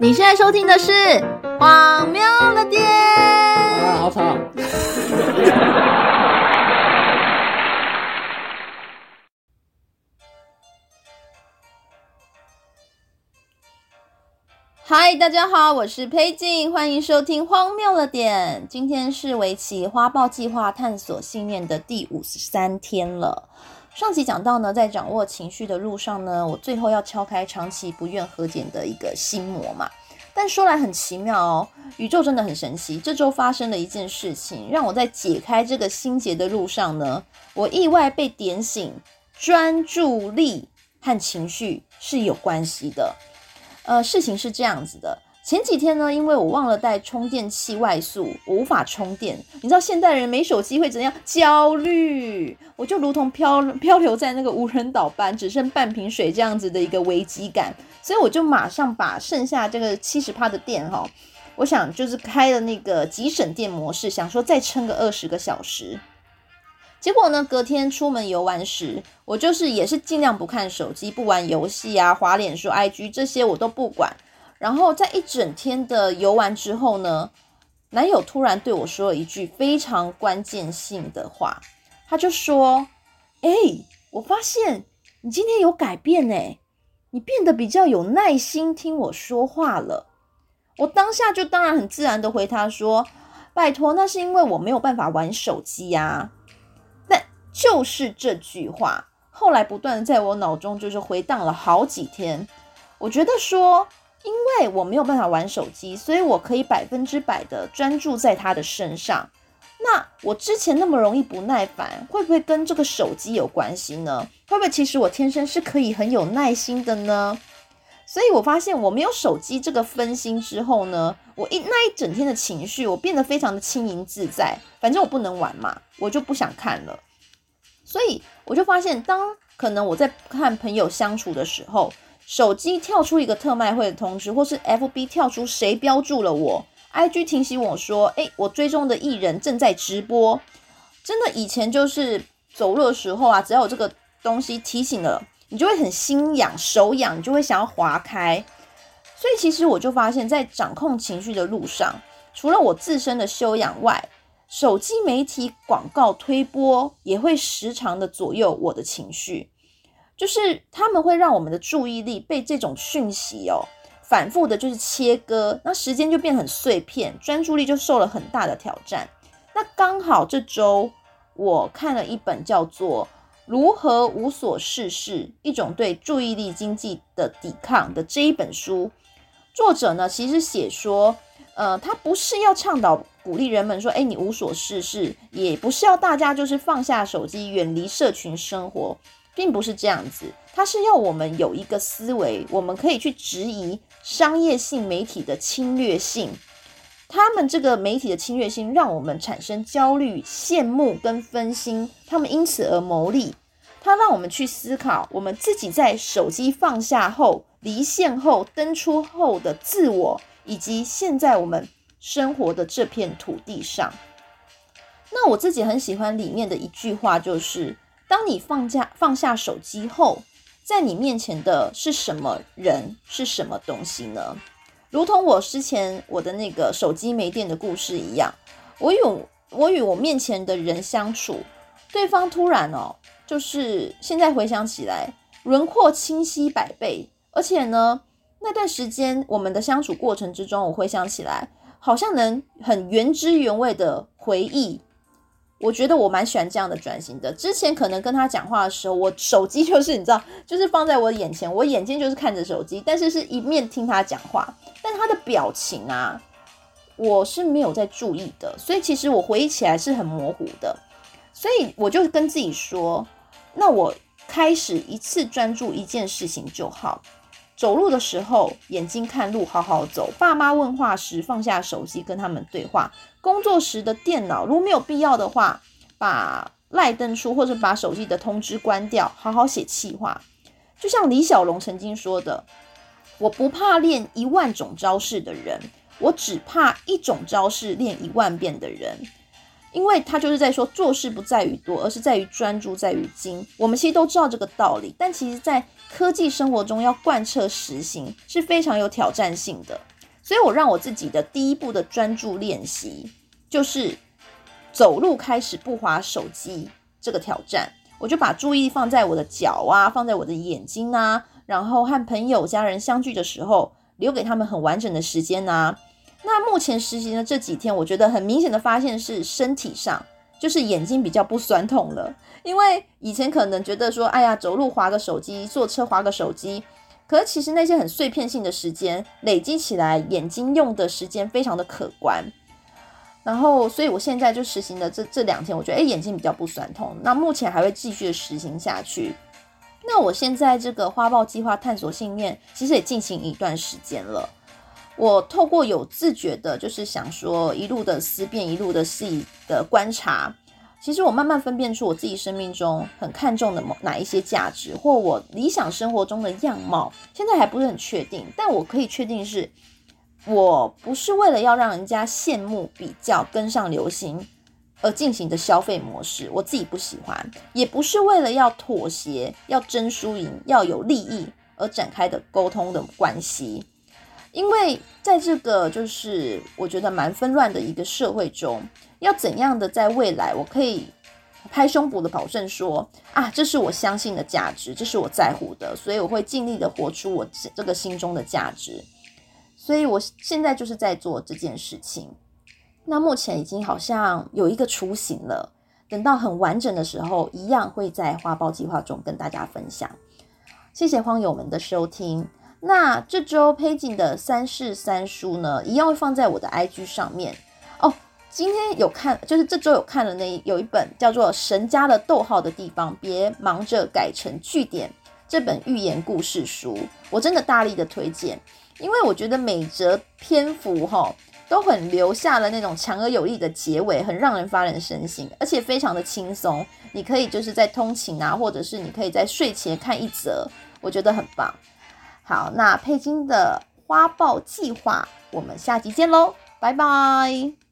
你現在收聽的是《荒謬了點》。啊，好吵！嗨， 大家好，我是裴靜，歡迎收聽《荒謬了點》。今天是圍棋花豹計劃探索信念的第五十三天了。上集講到呢，在掌握情緒的路上呢，我最後要敲開長期不願和解的一個心魔嘛。但說來很奇妙哦，宇宙真的很神奇。這周發生了一件事情，讓我在解開這個心結的路上呢，我意外被點醒，專注力和情緒是有關係的。呃，事情是這樣子的。前幾天呢，因為我忘了帶充電器外宿，我無法充電。你知道現代人沒手機會怎樣？焦慮。我就如同漂漂流在那個無人島般，只剩半瓶水這樣子的一個危機感。所以我就馬上把剩下這個七十趴的電哈，我想就是開了那個極省電模式，想說再撐個二十個小時。結果呢，隔天出門遊玩時，我就是也是盡量不看手機、不玩遊戲啊、滑臉書、IG 這些我都不管。然後在一整天的遊玩之後呢，男友突然對我說了一句非常關鍵性的話，他就說：“欸，我發現你今天有改變哎，你變得比較有耐心聽我說話了。”我當下就當然很自然的回他說：“拜托，那是因為我沒有辦法玩手機呀。”但就是這句話，後來不斷的在我腦中就是回盪了好幾天。我覺得說。因為我沒有辦法玩手機，所以我可以百分之百的專注在他的身上。那我之前那麼容易不耐煩，會不會跟這個手機有關係呢？會不會其實我天生是可以很有耐心的呢？所以我發現我沒有手機這個分心之後呢，我一那一整天的情緒我變得非常的輕盈自在。反正我不能玩嘛，我就不想看了。所以我就發現，當可能我在和朋友相處的時候。手機跳出一個特賣會的通知，或是 FB 跳出誰標註了我，IG 提醒我說，誒、欸、我追蹤的藝人正在直播。真的，以前就是走路的時候啊，只要有這個東西提醒了，你就會很心癢手癢，你就會想要滑開。所以其實我就發現，在掌控情緒的路上，除了我自身的修養外，手機媒體廣告推播也會時常的左右我的情緒。就是他們會讓我們的注意力被這種訊息哦，反覆的就是切割，那時間就變很碎片，專注力就受了很大的挑戰。那剛好這周我看了一本叫做《如何無所事事：一種對注意力經濟的抵抗》的這一本書，作者呢其實寫說，呃，他不是要倡導鼓勵人們說，誒，你無所事事，也不是要大家就是放下手機，遠離社群生活。並不是這樣子，它是要我們有一個思維，我們可以去質疑商業性媒體的侵略性。他們這個媒體的侵略性，讓我們產生焦慮、羨慕跟分心。他們因此而牟利。它讓我們去思考我們自己在手機放下後、離線後、登出後的自我，以及現在我們生活的這片土地上。那我自己很喜歡裡面的一句話，就是，當你放下放下手機後，在你面前的是什麼人，是什麼東西呢？如同我之前我的那個手機沒電的故事一樣，我有我與我面前的人相處，對方突然哦，就是現在回想起來，輪廓清晰百倍，而且呢，那段時間我們的相處過程之中，我回想起來，好像能很原汁原味的回憶。我覺得我蠻喜歡這樣的轉型的。之前可能跟他講話的時候，我手機就是你知道，就是放在我眼前，我眼睛就是看着手機，但是是一面聽他講話，但他的表情啊，我是沒有在注意的，所以其實我回憶起來是很模糊的。所以我就跟自己說，那我開始一次專注一件事情就好。走路的時候，眼睛看路，好好走。爸媽問話時，放下手機跟他們對話。工作時的電腦，如果沒有必要的話，把賴登出或者把手機的通知關掉，好好寫企劃。就像李小龍曾經說的：“我不怕練一萬種招式的人，我只怕一種招式練一萬遍的人。”因為他就是在說，做事不在於多，而是在於專注，在於精。我們其實都知道這個道理，但其實，在科技生活中要貫徹實行是非常有挑戰性的。所以，我讓我自己的第一步的專注練習，就是走路開始不滑手機這個挑戰。我就把注意力放在我的腳啊，放在我的眼睛啊，然後和朋友家人相聚的時候，留給他們很完整的時間啊。目前實行的這幾天，我覺得很明顯的發現是身體上，就是眼睛比較不酸痛了。因為以前可能覺得說，哎呀，走路滑個手機，坐車滑個手機，可是其實那些很碎片性的時間累積起來，眼睛用的時間非常的可觀。然後，所以我現在就實行的這這兩天，我覺得、欸、眼睛比較不酸痛。那目前還會繼續實行下去。那我現在這個花豹計劃探索信念，其實也進行一段時間了。我透過有自覺的，就是想說，一路的思辨，一路的自己的觀察，其實我慢慢分辨出我自己生命中很看重的某哪一些價值，或我理想生活中的樣貌。現在還不是很確定，但我可以確定是，我不是為了要讓人家羨慕、比較、跟上流行而進行的消費模式，我自己不喜歡；也不是為了要妥協、要爭輸贏、要有利益而展開的溝通的關係。因為在這個就是我覺得蠻紛亂的一個社會中，要怎樣的在未來，我可以拍胸脯的保證說啊，這是我相信的價值，這是我在乎的，所以我會盡力的活出我這個心中的價值。所以我現在就是在做這件事情，那目前已經好像有一個雛形了，等到很完整的時候，一樣會在花豹計畫中跟大家分享。謝謝荒友們的收聽。那這周 pay 金的三事三書呢，一樣會放在我的 IG 上面哦。今天有看，就是這周有看的那一有一本叫做《神加了逗號的地方》，別忙着改成句點。這本寓言故事書我真的大力的推薦，因為我覺得每則篇幅哈、哦、都很留下了那種強而有力的結尾，很讓人發人深省，而且非常的輕鬆。你可以就是在通勤啊，或者是你可以在睡前看一則，我覺得很棒。好，那佩金的花豹計劃，我們下集見嘍，拜拜。